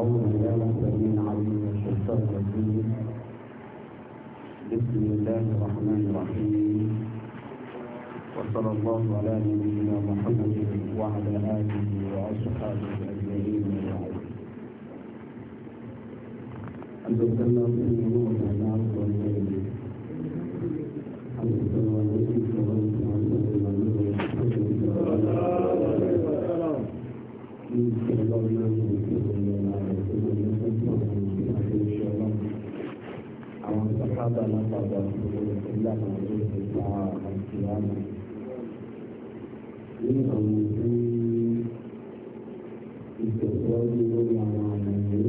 أعوذ بالله السميع العليم من الشيطان الرجيم بسم الله الرحمن الرحيم وصلى الله على نبينا محمد وعلى آله وأصحابه أجمعين وبعد أن تسلم في nínú àwọn tó ń ìtẹ̀síwájú lórí àwọn àlàyé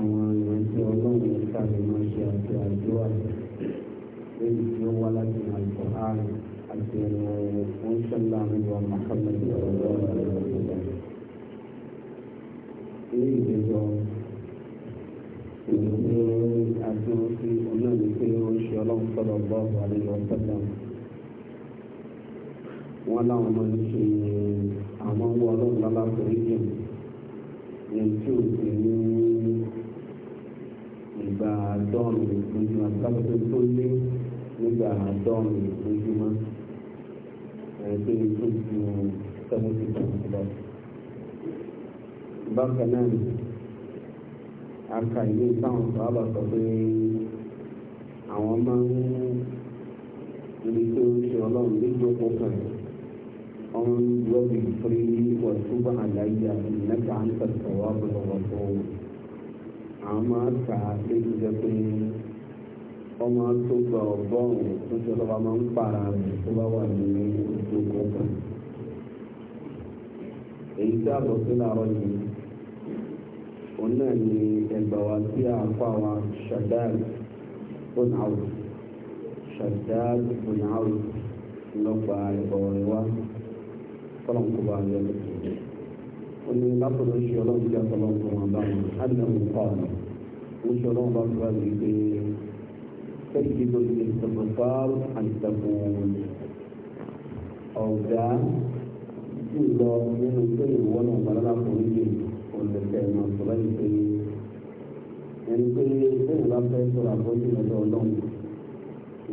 àwọn ìrántí ọlọ́run tàbí máa ṣe àti àdúrà lórí tí ó wá láti àìkọ́ ààrùn àti ẹ̀rọ wọn ṣẹlẹ̀ àmìlò Muhammad ọ̀rọ̀ ọ̀rọ̀ ilé ìgbẹ́jọ́ ìlú ní àti orí ọ̀nà ìpínlẹ̀ oṣù ọlọ́run sọ̀rọ̀ bọ́ọ̀lù àlejò ọ̀sẹ̀ náà wọn làwọn máa ń ṣe àwọn ọmọ ọlọ́run lálàkùnrin jẹ ní tí ò sí ní ìgbà dọ́ọ̀nù lójúmọ́ sábẹ́ tó lé nígbà dọ́ọ̀nù lójúmọ́ ẹgbẹ́ tó ju sẹ́wọ́ntì kan lọ. bákan náà aka ìwé táwọn sábà sọ pé àwọn máa ń ibi tó ń ṣe ọlọ́run níjókòó kan yìí. واغفر لي وتب علي انك انت التواب الغفور àmọ́ àkà lẹ́yìn jẹ́ pé ọmọ tó gba ọgọ́rùn-ún tó ṣe lọ́ba máa ń para rẹ̀ tó bá wà ní ojú kọ̀ọ̀kan. èyí tí a lọ sí làárọ̀ yìí òun náà ni ẹgbà wa tí a kọ́ àwa Shaddad bùnàwù Shaddad bùnàwù lọ́gbà ẹ̀bọ̀ rẹ̀ wá kọ́lọ̀ kó bá yẹ lọ́sọ̀rọ̀ wọn ni látọ̀dọ̀ ṣe ọlọ́run jẹ́ ọlọ́run tó wọn báyìí ánìyàn kọ́ ọ̀nà wọn ṣe ọlọ́run bá tura yìí pé fẹ́ẹ̀kì ló ti sọ̀rọ̀ fáwọn àìsàkùn ọ̀gá jùlọ nínú pé ìwọ náà balala kò ní yé ọ̀lẹ́sẹ̀ náà sọ̀rọ̀ yìí pé ẹni pé bẹ́ẹ̀ bá fẹ́ sọ̀rọ̀ àbọ̀jù lọ́dọ̀ ọlọ́run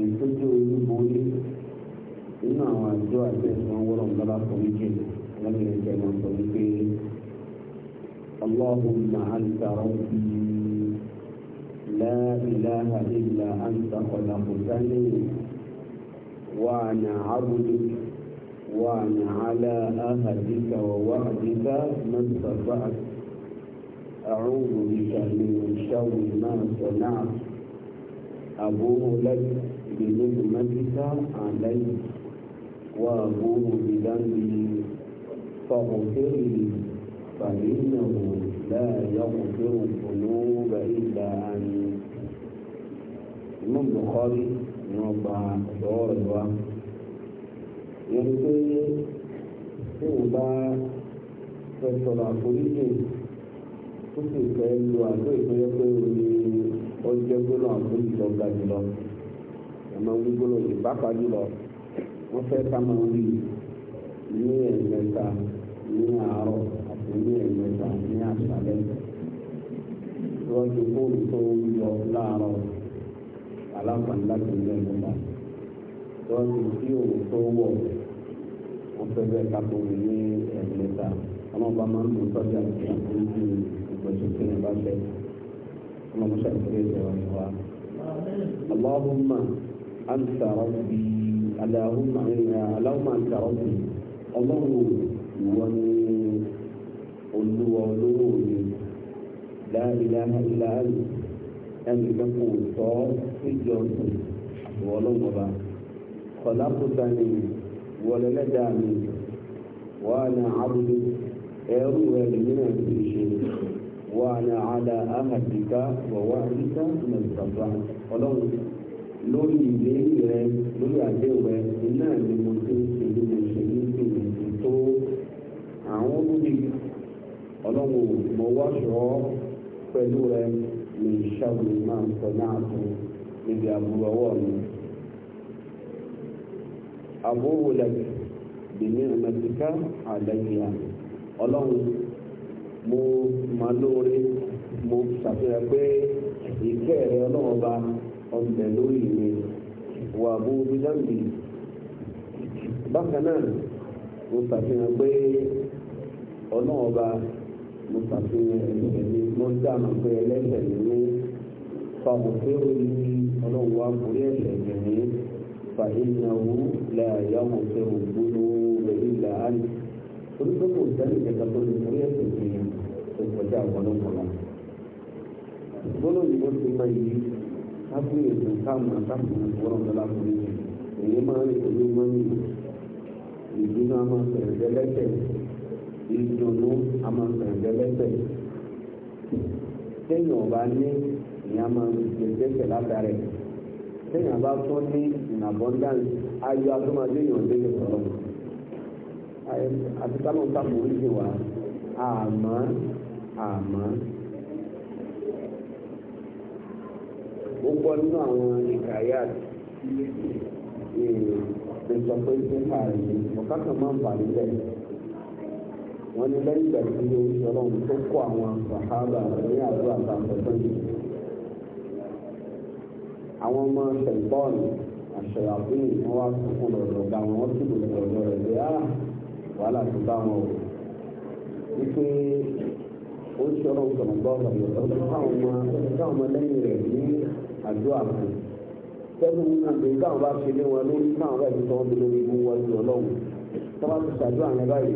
ìtọ́jú orí borí nínú àwọn àjọ àti ẹ̀sán اللهم أنت ربي لا إله إلا أنت خلقتني وأنا عبدك وأنا على أهدك ووعدك ما استطعت أعوذ بك من شر ما صنعت أبوه لك بنعمتك علي وأبوه بذنبي فاغفر لي فإنه لا يغفر الذنوب إلا أنت Imam Bukhari ni wọ́n gba ọ̀dọ́ rẹ̀ wá yẹn pé tí wọ́n bá fẹ́ sọ̀rọ̀ àforíjì tó sì fẹ́ lo àgbo ìpínlẹ̀ pé o ní ọjọ́ gbọ́dọ̀ àforíjì ọ̀gá jùlọ ẹ̀mọ wí gbọ́dọ̀ ìbápa jùlọ wọ́n fẹ́ ká máa wí ní ẹ̀ẹ̀mẹta ní àárọ̀ ní ẹ̀mẹ́ta ní àṣálẹ́ rọ́jò bóòlù tó yọ láàárọ̀ aláǹfààní láti ní ẹ̀mẹ́ta rọ́jò tí òun tó wọ̀ wọ́n fẹ́ bẹ́ẹ̀ ká tó wù ní ẹ̀mẹ́ta ọlọ́ọ̀bá máa ń lò sọ́jà àti àkójú ìgbésókè yẹn bá fẹ́ ọlọ́ọ̀bá ṣàkóso ìjọba wa. اللهم أنت ربي اللهم أنت ربي اللهم وني olúwa olówó mi láìlá ilá àlù ẹnì kan kò tọ́ síjọ sùn àbúrò ọlọ́mọba kọ̀lápùtà ni wọlẹ́lẹ́dà mi wàá na àbúrò ẹrú rẹ̀ lèmi náà ti ṣe wàá na àdá àhàdìkà wàwá àdìkà mẹsàgbà ọlọ́run lórí ìlérí rẹ lórí àdéhùn rẹ iná ni mo ti ń ṣe ní mo tó àwọn olùdíje ọlọ́run mo wáṣọ pẹ̀lú rẹ ní ìṣàbùn máa ń sọ náà fún níbi àbúrò ọwọ́ mi. àbúrò lẹ́yìn bìnní ọ̀nàdìkà àlẹ́yìn àná ọlọ́run mo máa lóore mo ṣàfihàn pé ìkẹ́ rẹ ọlọ́run ọba ọ̀bẹ lórí mi wà bú bíláǹdì bákan náà mo ṣàfihàn pé ọlọ́run ọba mo ṣàfihàn ẹ̀ṣẹ̀ mi mo dáàmú pé ẹlẹ́ṣẹ̀ mi ní fàbọ̀ pé ó ní ọlọ́run wá borí ẹ̀ṣẹ̀ mi ní fàhínàwó láàyàwó fẹ́ ògbóló rẹ̀ ìlà áni orúkọ kò sẹ́ni kẹta tó lè borí ẹ̀ṣẹ̀ mi ìkọjá ọ̀pọ̀lọpọ̀lọ. gbólóyìn ó ti mọ yìí lábúrò táwọn àtàkùn ìwọ́n ọ̀dọ́lá fún mi èyí máa ń rí olúmọ́ni ìdúná máa ń sọ̀rọ̀ ìdùnnú amọ̀sẹ̀ǹdẹ́lẹ́sẹ̀ téèyàn ọba ní ìyá máa látàrẹ̀ téèyàn bá tún ní in ayọ̀ atúmọ̀dé yàn sọ̀rọ̀ àti táwọn táwọn oríṣi wa àmọ́ àmọ́ ó gbọ́ nínú àwọn ìkàyà ìrìn ìsọ̀pẹ́ ìsìnkà rẹ̀ máa ń bà wọ́n ní lẹ́yìn ìgbà tí oṣù ọlọ́run tó kó àwọn sàhábà ní àdúrà àtàkùn tó ń yìí àwọn ọmọ ṣẹ̀gbọ́ọ̀nù àṣẹyàfín wọn wá sọkún lọ́dọ̀ ọ̀gá wọn wọ́n sì lè lọ́dọ̀ rẹ̀ pé á ah, wàhálà tó bá wọn o wípé ó ṣọ́rọ̀ gbọ̀ngbọ́n gbọ̀ngbọ́n káwọn ọmọ káwọn ọmọ lẹ́yìn rẹ̀ ní àdúrà fún tẹ́lú àgbẹ̀ káwọn bá ṣe lé wọn lórí káwọn bá ṣe tọ́ wọn bí lórí ibú wọn ju ọlọ́run tọ́wọ́ ti ṣàdúrà yẹn báyìí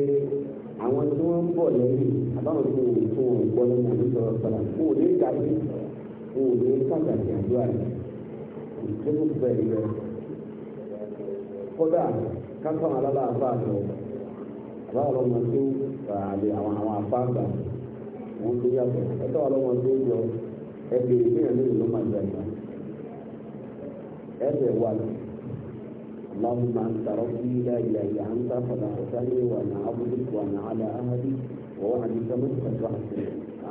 bọ̀ lẹ́yìn àbáwọn tó wò tó wò gbọ́ nínú àdúgbò ọ̀sán kó o lè ga sí kó o lè pàtàkì àdúrà rẹ̀ ìjọba bẹ̀rẹ̀ kódà kákan alábà afá àbáwọn ọmọ tó àlè àwọn àwọn afá wọn tó yàtọ̀ ẹ̀tọ́ ọlọ́mọ tó yọ ẹ̀bẹ̀rẹ̀ bí ẹ̀mí ló máa jẹ ẹ̀bẹ̀ اللهم أنت ربي لا إله إلا أنت خلقتني وأنا عبدك وأنا على أهلي ووعدك ما استطعت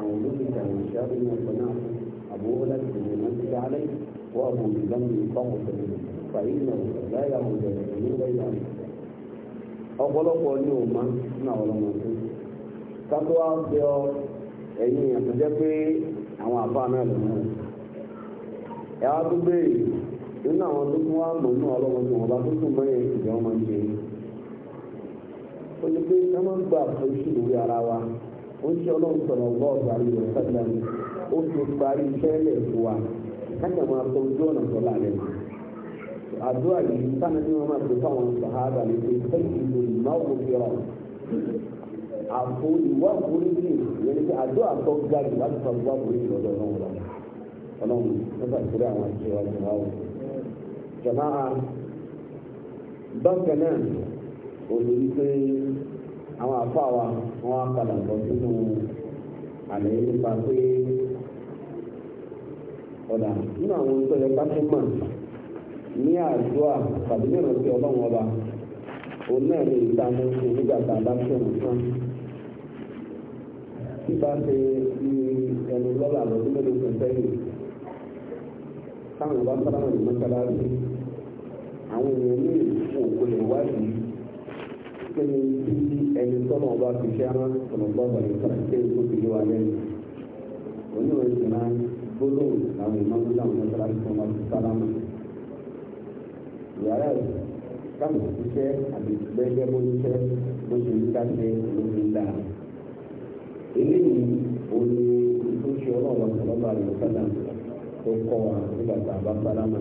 أعوذ بك من شر ما صنعت أبوء لك بنعمتك علي وأبوء بذنبي فاغفر لي لا يعود الذنوب إلا أنت ọ̀pọ̀lọpọ̀ ní òmá náà ọlọ́mọdé kátó wá bẹ ọ ẹ̀yìn àtẹ̀jẹ́ pé àwọn àbá náà lè mú ẹ wá tó béèrè àwọn tó tún wá mọ̀ náà ọlọ́run tó wọn bá tó tún mọ́yẹ̀ ìjọ ọmọ ṣe ó ní pé ká má gbà àfojúsùn lórí ara wa ó ń ṣe ọlọ́run sọ̀rọ̀ bọ́ọ̀lù àríwọ̀ sẹ́gbẹ̀rẹ̀ ó ti parí iṣẹ́ wa ojú ọ̀nà lálẹ́ àdúrà yìí ní wọn máa tó fáwọn ní pé fi ga jama'a bákan náà òní àwọn àfa a wọn á padà bọ̀ sínú àlẹ́ nípa pé ọ̀dà nínú àwọn tó yẹ ká mọ̀ ní a bá tẹ̀ tán tí ṣe ní ẹnu lọ́la lọ́dún mélòó kan sẹ́yìn táwọn àwọn èèyàn ní ìfò kò lè wádìí kíni tí ẹni tọ́nà ọba fi ṣe ara ọ̀nà bọ́ọ̀bà ní sàkíkẹ́ ìfò fi lé wa lẹ́nu oníwèé sì máa ń gbólóhùn àwọn ìmọ̀tò náà ní ọ̀sán láti fún ọmọ sálámù ìyàrá ẹ̀ káàmù ṣiṣẹ́ àti gbẹ́gbẹ́ bó ṣiṣẹ́ bó ṣe ń dáṣe ló fi dà eléyìí òní tó ṣe ọlọ́run ọ̀sán lọ́ba àlùfáà tó kọ́ wa nígbà tá a bá sálámù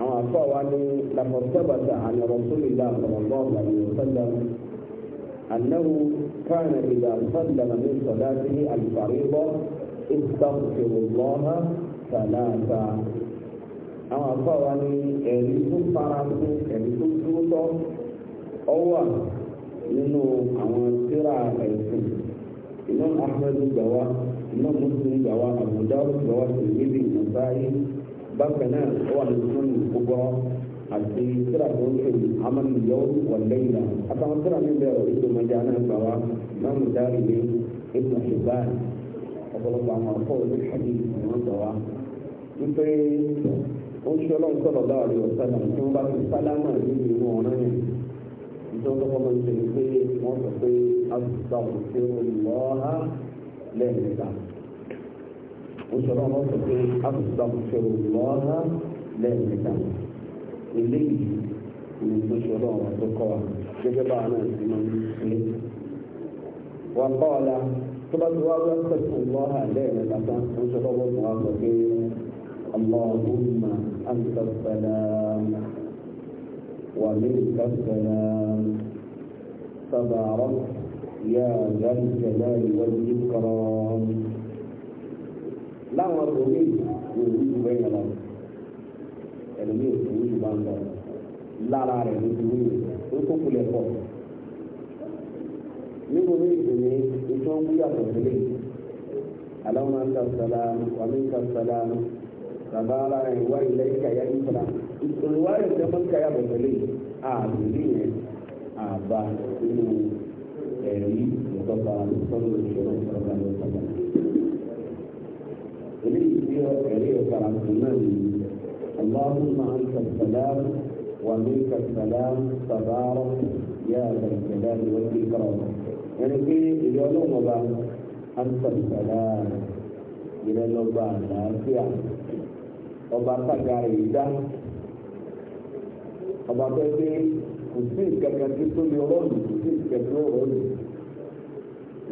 àwọn afọ wa ni lakọsẹbàtà àni rasulillah sallallahu alayhi wa sallam annahu kana idha sallama min salatihi al-fariida istaghfirullaha salasa àwọn afọ wa ni ẹ̀rí tó fara fún ẹ̀rí tó dúró tọ́ ọwọ́ nínú àwọn tíra ẹ̀sìn Imam Ahmad gbà wá Muslim gbà wá Abu Dawud gbà wá Tirmidhi bákan náà ó wà nínú fún gbogbo àti tíra tó ń pè ní amániyọ wàlẹ́yìnà àtàwọn tíra mi bẹ̀rẹ̀ orí tó máa jẹ́ àná gbà wá náà mo dárí ní ibn Hibban ọ̀pọ̀lọpọ̀ àwọn afọ orí ṣáàbì wọn gbà wá. wípé ó ń ṣe ọlọ́run sọ̀rọ̀ bá àríwá sálà tí wọ́n bá fi sálámà nínú inú ọ̀ràn yẹn. ìjọ tó kọ́ máa ń ṣe ni pé wọ́n sọ pé àtúntà òṣèlú lọ́ha lẹ́ẹ̀mẹ́ta. وشراء مصر ايه أستغفر الله لا يتعلم اللي يجي من وشراء القرآن يجب على من المسلم وقال تبقى دعاء أستغفر الله لا يتعلم وشراء مصر اللهم أنت السلام ومنك السلام تبارك يا ذا الجلال والإكرام láwọn ọ̀gbọ̀nmí kò ní ju bẹ́ẹ̀ yẹn lọ ẹlòmí ò sì ní ju bá ń lọ lára rẹ̀ ló ti wí ó tó kulẹ̀ pọ̀ nínú ní ìsinmi ìtọ́ ń wúyàtọ̀ sílẹ̀ aláwọn máa ń ta sàlámù wàmí ń ta sàlámù bàbá ara rẹ̀ wá ilẹ̀ ìkàyà ìfúnra ìwà rẹ̀ tẹ́ mọ́ ìkàyà bọ̀ sílẹ̀ àbúrí yẹn àbá nínú ẹ̀rí ìtọ́ka lọ́sọ̀rọ̀ ìṣòro ìṣòro ìṣòro. وكريه فرحمن اللهم أنت السلام ومنك السلام تبارك يا ذا الجلال والإكرام يعني في اليوم وبعد أنت السلام إلى الله العافية ọba sagara ìdá ọba tó ṣe kò sí ìkẹkẹ tí tó lè rọlù kò sí ìkẹkẹ rọlù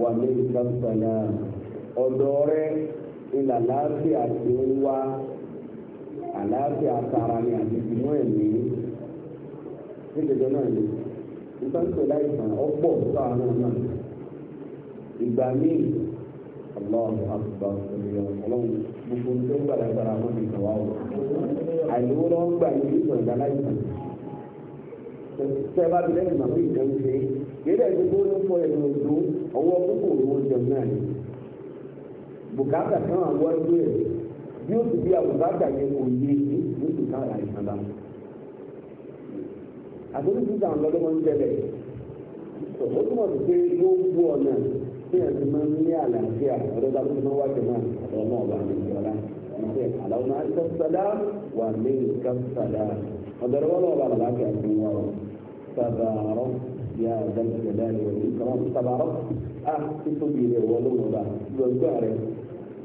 wà ní ìkàtúntà náà ọ̀dọ̀ rẹ̀. ilà láàfíà tí ó wa àlàáfíà tara ni àti ìmú ẹ̀mí nígbèjọ náà ni ìtọ́jú láìsàn ọ̀pọ̀ tó àwọn náà Igba míì ọlọ́run àtúbà ìrìnà ọlọ́run gbogbo tó ń gbàlagbàra ní ìgbà wàhùn àìlówó lọ́wọ́ gbà ìjẹun ṣe kí ọwọ́ owó jẹun náà ni. bùkátà kan àwọn ẹgbẹ́ rẹ̀ bí ó ti bí àbùkátà yẹn kò yé e. ní oṣù káàrà ìsàlá. àtúntò títà ń lọ́dọ́ máa ń tẹ̀lé ó túmọ̀ sí pé gbogbo ọ̀nà tí ẹ̀ ti máa ń ní àlàáfíà ọ̀dọ́ bá tó máa wá jẹ̀ náà ọ̀dọ́ náà wà ní ìjọba ìṣe àlàó náà ṣe sọ́dá wà ní ìka sọ́dá ọ̀dọ́ rẹ̀ wọ́n náà wà láàáfíà fún wa ọ̀ sàbàárọ̀ yà dàgbẹ̀dẹ̀ láàrin ìkàwọn sàbàárọ̀ á ti tóbi rẹ̀ wọ́n ló mọ̀ bá lọ́jọ́ rẹ̀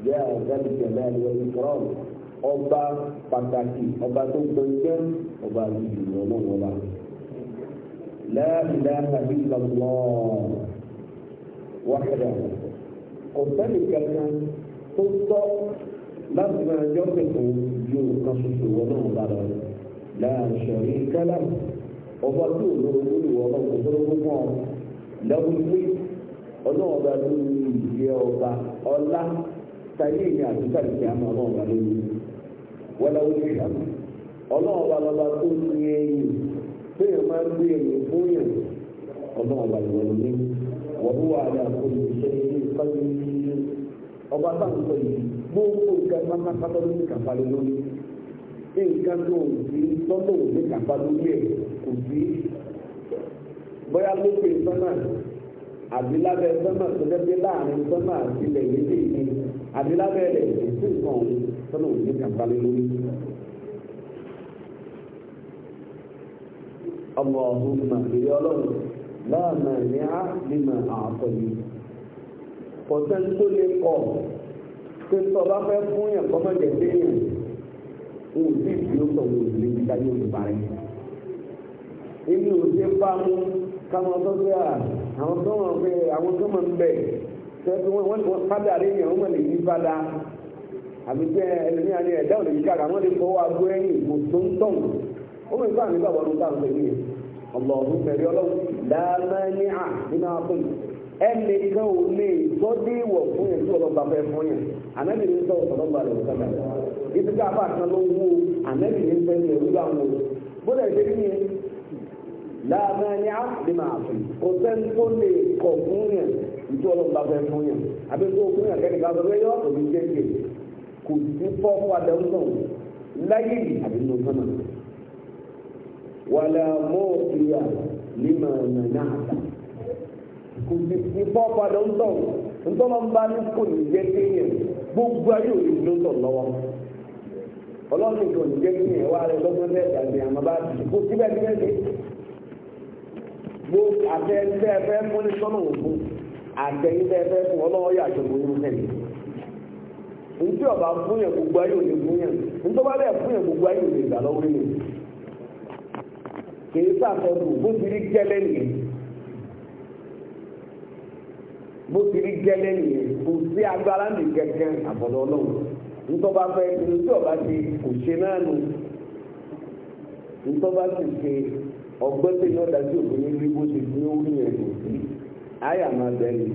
yẹ àgbàdo jẹlẹ àlẹ ìkọrọ ọba pàtàkì ọba tó gbẹngẹ ọba àlùjù ọlọ́wọ́ la láàbìlà àbíkà lọ wákàdà ọ̀sẹ́ni kankan tó tọ́ láti máa jọ́ pẹ̀lú ju nǹkan ṣoṣo ọlọ́wọ́ la lọ láàṣọ yìí kálá ọba tó lóore olùwọ́ ọlọ́wọ́ tó lóore fún ọ lọ́wọ́ pé ọlọ́wọ́ bá lórí ìgbé ọba ọlá. tàyé ni àtúntà ìṣẹ́ àmọ́ ọlọ́run wà lórí wọlé oṣù ìṣàmù ọlọ́run lọ́ba tó ń ní ẹyìn tó máa ń gbé ẹyìn fún yẹn ọlọ́run wà lọ́wọ́ ní ya wà ní àkóso iṣẹ́ ilé ìfọ́jú ọba táwọn yìí gbogbo nǹkan ló ní nǹkan tó ń fi ní lórí ẹ̀ kò sí bóyá sọ́nà àbí lábẹ́ sọ́nà tó àbí lábẹ́ rẹ̀ kò sí nǹkan òun tọ́nà òun ní kàkà lé lórí. Allahumma ìyá ọlọ́run láàmà ní á bímọ àtọ̀ yìí. Pọ̀sẹ́ni tó lè kọ̀ pé sọba fẹ́ fún yẹn kọ́ mọ̀jẹ̀ sí yẹn. N ò sí ìdílé sọ̀rọ̀ òṣèlú nígbà yóò ti parí. Èmi ò ṣe bá mú à àwọn tó mọ̀ pé àwọn tó mọ̀ bẹ̀. sẹ́kù wọ́n wọ́n fada rẹ̀ yẹn wọ́n pé ò lè lè agbó kò tó ń tọ̀ nípa nípa wọn nípa yìí ọlọ́run fẹ̀rí ọlọ́run à nínú ò ìwọ̀ fún yẹn tí fẹ́ fún yẹn ànábì ní sọ ọ̀sán rẹ̀ ọ̀sán ibi tí a bá kan ló wú ànábì ní fẹ́ o bóde ṣe ní à nínú ìjọ ọlọ́run bá fẹ́ fún yàn àbí kó fún yàn kẹ́ni kan sọ pé yọ òbí jẹ́ kí kò sí fọ́ fún adáwọ̀ náà láyé yìí àbí nínú sọ́nà wàlẹ́ mọ́ọ̀kìyà nímọ̀ ọ̀nà náà kò sí sí fọ́ fún adáwọ̀ náà ntọ́lọ́ ń bá ní kò ní jẹ́ kí yàn gbogbo ayé òní ló ń lọ́wọ́ ọlọ́run kò ní jẹ́ kí yàn wá rẹ lọ́gbọ́n lẹ́ẹ̀dàgbẹ̀ àmọ́ bá àtẹ̀yìn tẹ́ efe fún ọlọ́wọ́ yà àjọ̀gbọ̀n irú tẹ̀lé ntí ọba fún yẹn gbogbo ayé òde fún yẹn ntọ́ba bẹ́ẹ̀ fún yẹn gbogbo ayé òde gbà lọ́wọ́ yẹn kì í sàfẹ́ bó ti rí gẹ́lẹ́ nìyẹn bó ti rí gẹ́lẹ́ nìyẹn kò sí agbára àbọ̀dọ̀ fẹ́ ọba ti kò ṣe náà nù ṣe ọgbẹ́ tẹ̀yìn ọ̀dà tí àyà máa bẹ̀rẹ̀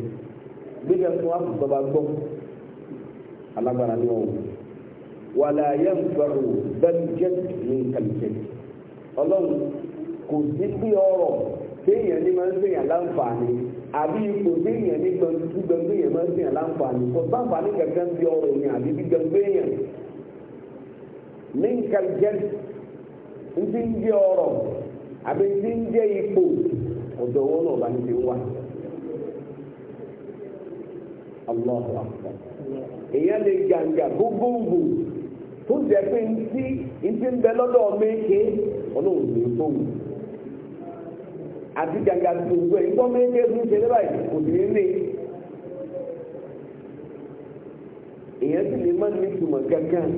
gbígbẹ́ fún akùtọ́ba gbọ́ alágbára ni wọn wà láàyè nfẹ̀rù bẹ́ẹ̀ jẹ́ ní kàlùkẹ́ ọlọ́run kò sí bí ọrọ̀ téèyàn ní máa ń sèyàn láǹfààní àbí ipò téèyàn ní gbẹngbẹ́yàn máa ń sèyàn láǹfààní kò sáǹfààní kẹ̀kẹ́ ń bí ọrọ̀ ni àbí gbẹngbẹ́yàn ní kàlùkẹ́ ń ti ń jẹ́ ọrọ̀ àbí ń ti ń jẹ́ ipò ọ̀dọ̀ wọn náà bá ní ti wá. Allahu Akbar èèyàn lè gàǹgà gbogbogbò tó jẹ́ pé ń bẹ lọ́dọ̀ ọlọ́run àti gàǹgà gbogbo ẹ̀ ń gbọ́ méje fún ìṣẹ̀lẹ̀ báyìí kò ní lè èèyàn sì lè má ní ìtumọ̀ kankan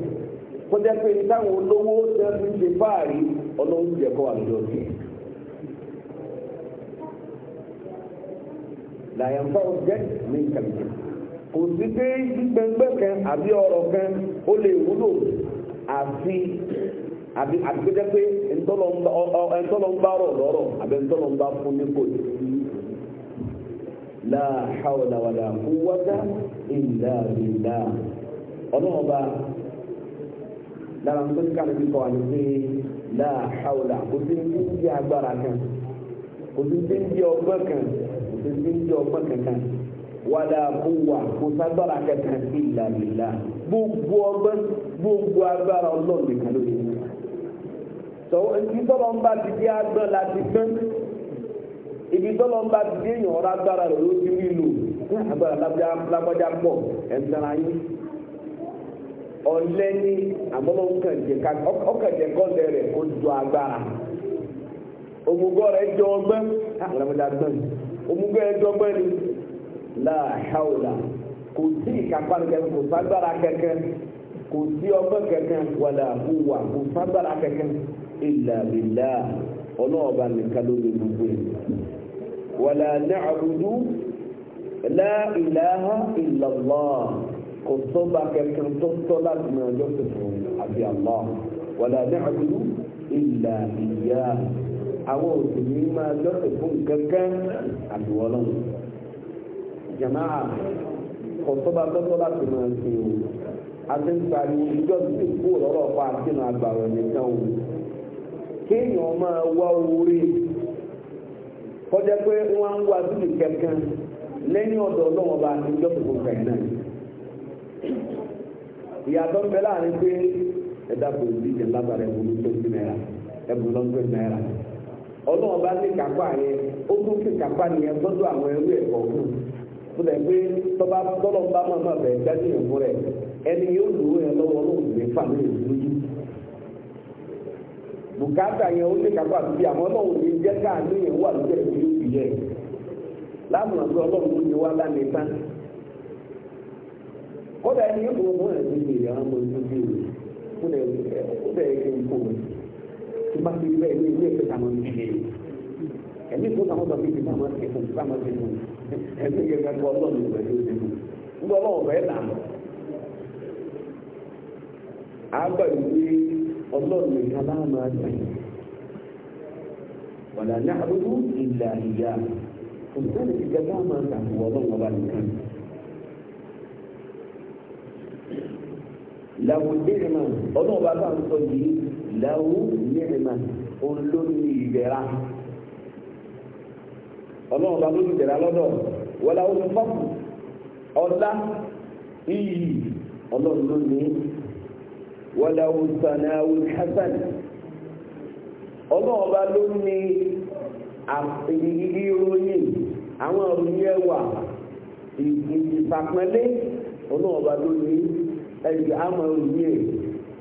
kọjá pé táwọn olówó ṣe ń ṣe fáàrí ọlọ́run jẹ́ kọ́ kò sí pé gbẹngbẹ́ kan àbí ọ̀rọ̀ kan ó lè wúlò àfi àbí àbíkẹ́jẹ́ pé ẹ̀ńtọ́lọ́ ń bá rọ̀ lọ́rọ̀ àbí ẹ̀ńtọ́lọ́ ń bá fún ní kò sí. La hawla wala quwwata illa billah ọlọ́run bá lára tó ní kálí kíkọ́ àti pé la hawla kò sí ní ti agbára kan kò sí ní ti ọgbọ́n kan kò sí ní ti ọgbọ́n kankan. wàlá kúwà kò ságbára kankan ìlà gbogbo ọgbẹ́ gbogbo agbára ọlọ́run nìkan ló yẹ. sọ̀rọ̀ ibi tọ́lọ́ ń bá ti dé agbọ́n láti gbọ́n ibi tọ́lọ́ ń bá ti èèyàn ló ti lágbájá yín. ní kó jọ jọ ọgbẹ ni. láàháwùlà kò sí ìkápá kẹkẹ kò ságbára kẹkẹ kò sí ọgbọ́n kẹkẹ wàlà hùwà kò ságbára kẹkẹ ìlà bìlà ọlọ́ọ̀bá nìkan ló lè gbogbo ẹ̀ wàlà na'budu la ilaha illa Allah kò sọ́ba kẹkẹ tó tọ́ láti mọ ọjọ́ tuntun àbí Allah wàlà na'budu ìlà ìyá àwọn òṣèlú máa lọ́sẹ̀ fún kankan àdúwọ́lọ́wọ́. jàmáà kọ̀tọ́ba tọ́tọ́ láti máa ṣe o adéǹgbà ni ìjọ tí kú lọ́rọ̀ pa àdínà àgbàrọ̀ nìkan o kéèyàn máa wá orí kọjá pé wọ́n ń wá síbi kankan lẹ́yìn ọ̀dọ̀ ọlọ́wọ́n bá ìjọ tó ìyàtọ̀ láàrin pé ẹ̀dá kò sí ẹ̀bùn ẹ̀bùn ọlọ́wọ́n bá kápá yẹn ó tún kápá nìyẹn gbọ́dọ̀ àwọn fúnlẹ̀ pé tọ́ba tọ́lọ̀ bá máa máa bẹ̀rẹ̀ gbájú yẹn fún rẹ̀ ẹni yóò lò yẹn lọ́wọ́ lóun lè fà mí lójú. bùkátà yẹn ó lè kápá àti bí àmọ́ lọ́wọ́ jẹ́ yẹn wà lójú ẹ̀ yẹ. lámùnà ọlọ́run ló ní wá lánàá tán. kódà ẹni yóò fọwọ́ fún ẹ̀sìn ìgbè àwọn ọmọ ojú bí rẹ̀ kódà ẹ̀kẹ́ ìkó rẹ̀ tó bá ti bẹ́ẹ̀ ní ilé ìfẹ́ ẹ̀mí tó náà wọ́n sọ pé ìgbà máa ṣe fún ìgbà máa ṣe fún ẹ̀mí yẹn fẹ́ kọ́ ọlọ́run ìgbà yóò ṣe fún un gbọ́ ọlọ́run bẹ́ẹ̀ là ń. àgbà ìwé ọlọ́run nìkan láà máa dùn wọ̀nà ní àbúrú ìlà ìyá òṣìṣẹ́ ìgbà láà máa dàbò ọlọ́run ọba nìkan. làwọn nírìmà ọlọ́run bá bá ń sọ yìí làwọn nírìmà òun ló ní ìbẹ̀rẹ̀ ọlọ́run bá lójú ìdẹ̀ra lọ́dọ̀ wọlá ó fọ́ọ̀mù ọlá iyì ọlọ́run ló ní wọlá ó sanáwó hasan ọlọ́run bá ló ní ìròyìn àwọn ìròyìn ẹwà ìfàpẹ́lẹ́ ọlọ́run ọba ló ní ẹ̀yìn àmọ́ ìròyìn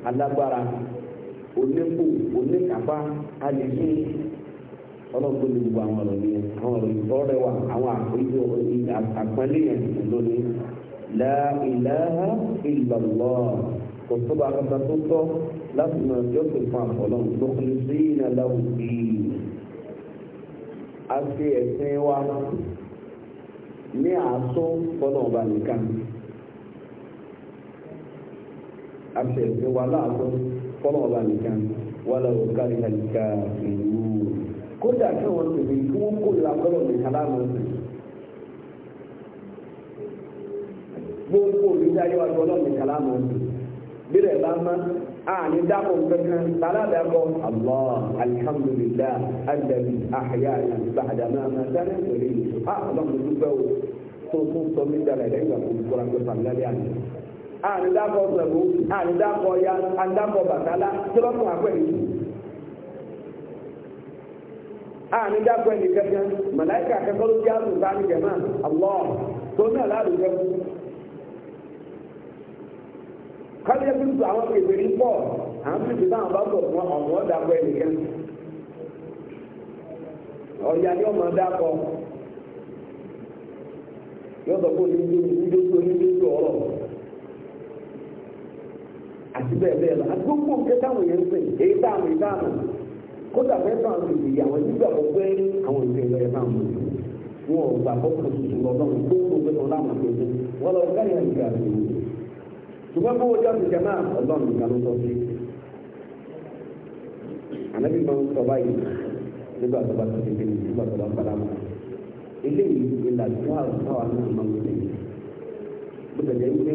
alágbára onípò alẹ́ yìí. ọlọ́run tó lè gbogbo àwọn ọ̀rọ̀ yẹn àwọn ọ̀rọ̀ ìfọ́rẹ́ wa àwọn àpéjọ àpẹẹlẹ yẹn lónìí la ilaha illallah kò sóba akọ́ta tó tọ́ láti máa jọ́sìn fún àfọlọ́n lókun sí ìnáláwù bíi a fi ẹ̀sìn wa ní àásó fọlọ́n ọba nìkan a fi ẹ̀sìn wa láàásó fọlọ́n ọba nìkan wàlẹ̀ òkàlì àlìkà ìlú kódà kí wọn tèmi kí wọn kó ìlà gbọ́dọ̀ lè kálá lọ sí gbogbo olùdíje ayé wa gbọ́dọ̀ lè kálá lọ sí bílẹ̀ bá má àní dáko kankan balada kọ allah alhamdulillah alladhi ahyana ba'da ma matana wẹlẹ a ọlọ́run dúpẹ́ o tó tó sọ mí dára ẹ lẹ́yìn àkókò kóra pé fàmílẹ àná àní dáko sẹbù àní dáko ya àní dáko bàtálá tí wọn kọ àpẹẹrẹ yìí. a dákọ̀ ẹni kankan màláìka ka ló jẹ́ àtúntà ní jẹ̀mọ́ Allah tó náà ládùúgbò. kájẹ́ bí tu àwọn kèbèrè ń pọ̀ àwọn tó ti bá àwọn bá bọ̀ fún ọ̀wọ́ dákọ̀ ẹni kan. ọ̀yà ni kódà mẹ́fà ń lè yà wọ́n nígbà wọ́n àwọn ìfẹ́ ìlọ yẹn mú wọn gbà kó tuntun lọ náà kó kó gbé wọn láwọn àgbẹ̀ wọn lọ ká yà nìkan àti ìwé ṣùgbọ́n kó wọ́n jáde jẹ náà ọlọ́run nìkan ló sọ sí ànábì máa ń sọ báyìí nígbà tó bá tó ti kéde nígbà tó bá padà mọ́ eléyìí ìlànà táwa náà máa ń pè é bó tẹ̀lé pé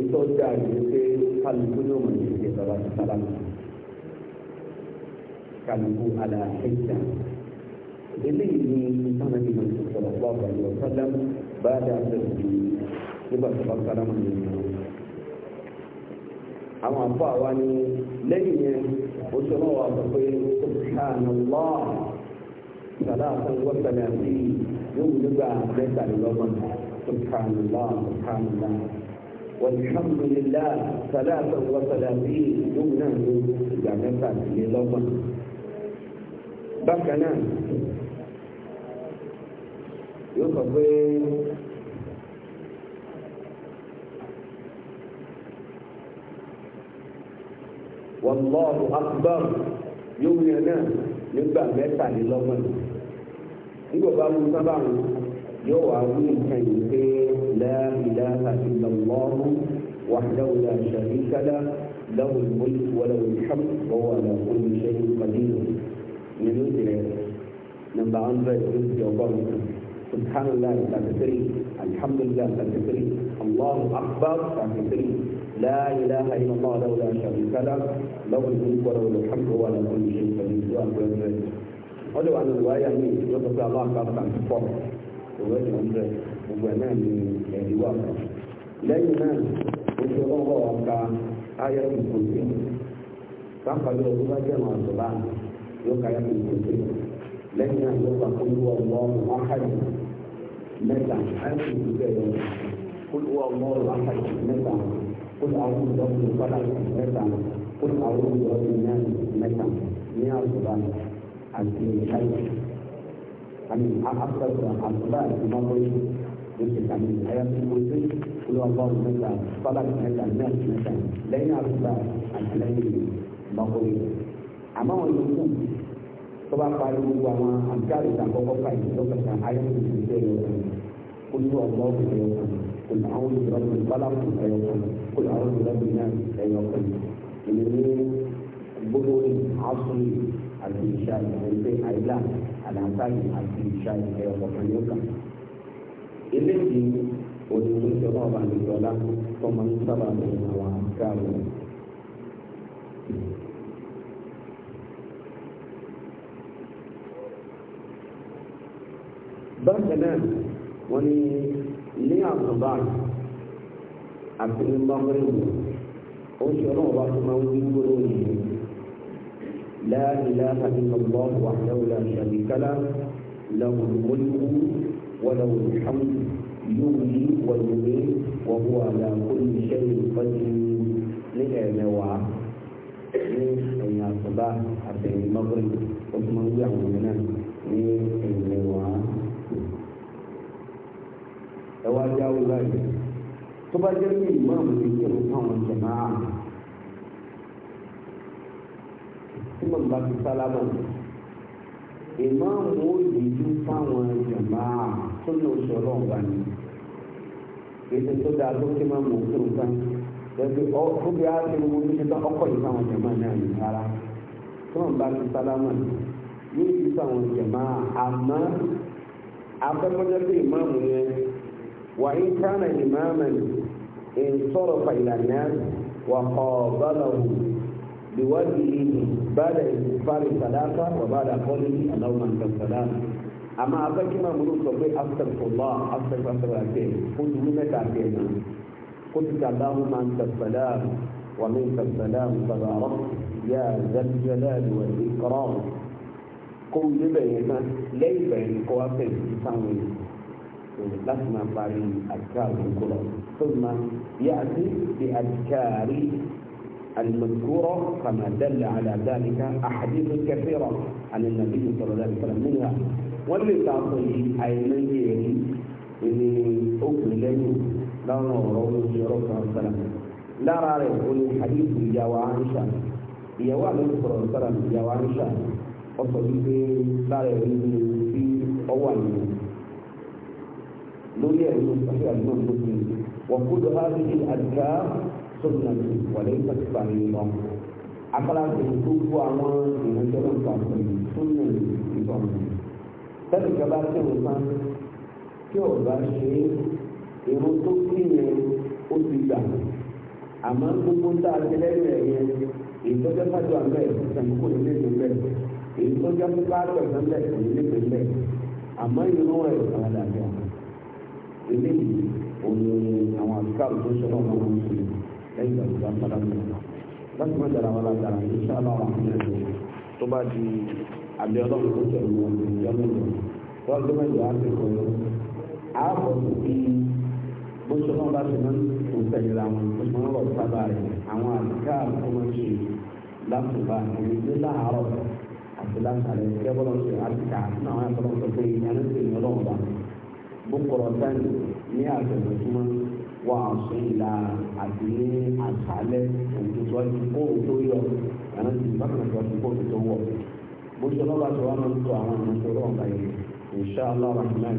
ìtọ́jà ìwé pé kálukú ní òmùlẹ̀ ìjẹ́ bàbá tó kálukú aláàṣẹ́jà eléyìí ni ìtàn ẹni mọ̀ ní sọ̀rọ̀ pọ̀ pẹ̀lú ọ̀sọ́dá bá dáa bẹ̀rẹ̀ sí nígbà tó bá sára mọ̀ nínú àwọn àpò àwa ni lẹ́yìn yẹn ó sọ náà wà sọ pé subhanallah sàlá àtàwọn sàlẹ̀ àti yóò nígbà mẹ́tàlélọ́gbọ̀n subhanallah subhanallah والحمد لله ثلاثا وثلاثين يمنع جامعة للغة بكى نام يقضي والله أكبر يوم ينام يبقى ميتا لله من يبقى موسى بعد يوعى من كان لا إله إلا الله وحده لا شريك له له الملك وله الحمد وهو على كل شيء قدير nínú tirẹ̀ nàmbà hundred lóṣù ọgọ́rùn subhanallah thirty-three alhamdulillah thirty-three allahu akbar thirty-three لا إله إلا الله له لا شريك له له الملك وله الحمد وهو على كل شيء قدير وأكبر ọdọ wa ni wàá yà mí ìṣòro tó fẹ́ aláàbá tàbí pọ̀ òwe tó ń rẹ̀ gbogbo ẹ̀ náà ni ẹ̀rí wà fún. lẹ́yìn náà oṣù ọlọ́wọ́ wa ka ayé ìkòsí sáfàlú ọdún bá jẹ́ àwọn àtọ̀lá yóò ká yẹn lè tẹ lẹ́yìn náà yóò bá kó lu ọmọ ọmọ ahadi mẹ́ta ayé tó bẹ̀rẹ̀ yọ kó lu ọmọ ọmọ ahadi mẹ́ta kó lu àwọn olùdókòwò padà mẹ́ta kó lu àwọn olùdókòwò náà mẹ́ta ní àwùjọ àti ìṣáyà àmì àkàtà àtúbà àti mọ́mọ́yé ló ti kàmí ayáfi kóso kó lu ọmọ ọmọ mẹ́ta padà mẹ́ta náà mẹ́ta lẹ́yìn àtúbà àti lẹ́yìn mọ́mọ́yé àmọ́ wọn yóò kú tó bá parí gbogbo àwọn àbíkárì ìdàkọ́kọ́ ká ìlú lọ́kàtà ayélujára ìṣẹ́ ìyọkan kójú ọ̀gbọ́n òkè ìyọkan kòlù àwọn olùdókòwò bálàkù ẹ̀yọkan kòlù àwọn olùdókòwò náà ẹ̀yọkan èmi ní gbogbo àásùnì àti ìṣá ìṣẹ́ àìlá àlàǹtàyè àti ìṣá ẹ̀yọkan yọkan. eléyìí olùdókòwò náà wà ní ìjọba tó máa ń sábà bẹ̀rẹ̀ àwọn àbíkárì bákan náà wọ́n ní ní àtúbà àti ní mọ́gírìbù ó ṣe ọlọ́run bá tó máa ń wí gbóló yìí la ilaha illallah wahdahu la sharika lahu lahul mulku wa lahul hamdu yuhyi wa yumiitu wa huwa ala kulli shay'in qadir ní ẹ̀mẹ́wàá ní ẹ̀yìn àtúbà àti ẹ̀yìn mọ́gírìbù ó tó máa ń wí àwọn ọmọ náà ní ẹ̀mẹ́wàá. ẹ wá yáwó báyìí tó bá jẹ́ pé ìmáàmù ti kẹ̀rù fáwọn jàmáà tí mo bá ti sálámà ìmáàmù jamaa yíjú fáwọn jàmáà tó ní oṣù ọlọ́ọ̀gbà ni ètò tó dáa tó máa lẹ́bi ní ọkọ̀ yìí náà ní ara tí mo bá ti وإن كان إماما انصرف إلى الناس وقابلهم بوجهه بعد انتصار الثلاثة وبعد قوله اللهم أنت السلام أما أبكي ما ملوك ربي أستغفر الله أستغفر أستغفر أتين كنت ممت أتين قلت اللهم أنت السلام ومنك السلام تبارك يا ذا الجلال والإكرام قل لبينا ليبين قوة الإنسان láti máa parí àdìkáàrò ńkú lọ tóbi máa yá àti bí àdìkáàrí المذكورة كما دل على ذلك أحاديث كثيرة عن النبي صلى الله عليه وسلم منها واللي تعطي أي من يري إني أكمل لا نور رسول الله صلى الله عليه وسلم لا رأي حديث يا وعائشة يا وعائشة صلى الله عليه وسلم يا وعائشة ọsọ wípé lára ẹ̀rí ni tí ọ wà nínú lórí ẹ̀rí ìpàdé àdúgbò tó ti wọ́n kó lọ bá rí àdúrà sọ́nà tó wọlé ìpàdé pàmì lọ. Akọ́lá tó gbogbo àwọn ìrìnàjò náà kà fún mi sọ́nà ìbọn mi. Bẹ́ẹ̀ni ìjọba tí mo san tí ò bá ṣe é, irun tó kí yẹn ó ti gbà. Àmọ́ gbogbo tá a ti lẹ́yìn ẹ̀ yẹn, ìtọ́jú fájọ eléyìí òun àwọn àfikàrò tó sọ̀rọ̀ ọmọ wọn sí lẹ́yìn ìgbà tó bá padà mọ láti má dára wọn lágbára ní sábà wọn àti ẹjọ́ tó bá di àbí Ọlọ́run tó tẹ̀lé wọn ní ìyọnu lọ wọn gbé mẹ́jọ á ti kọ lọ àbọ tó bí bó sọ̀rọ̀ bá ti máa ń tó ra wọn tó máa ń sábà rẹ àwọn àfikàrò tó máa ń ṣe láfùbà tó láàárọ̀ àti láṣàlẹ̀ kẹbọlọ ṣe àfikà náà wọn àtọlọsọ bókọ̀rọ̀ sáyẹn ní àtẹ̀lẹ́súnmọ́ wà á sún ìlà àti ní àṣálẹ́ òtútù àti kóòrò tó yọ àná ti bákan tó ti kóòrò tó wọ̀ bó ṣe lọ́ba tó wà máa ń tó àwọn àmọ́ tó rọ̀ báyìí insha allah rahman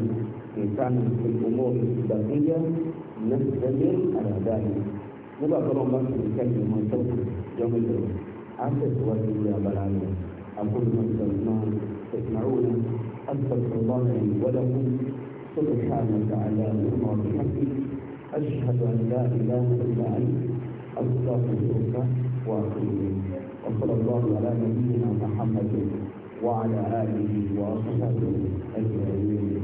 nǹkan ìfowó ìgbàgbéyà nẹ́sẹ̀lẹ́ àdáadáa nígbà tó lọ́ba tó ń kẹ́lẹ́ ìmọ̀ tó jọmọdé àtẹ̀síwájú ìlú abala rẹ̀ àkójọ ìgbàgbọ́ ìsìnàrò náà àtẹ̀síwájú ìlú wọ́dà سبحانك اللهم وبحمدك أشهد أن لا إله إلا أنت أستغفرك وأتوب وصلى الله على نبينا محمد وعلى آله وأصحابه أجمعين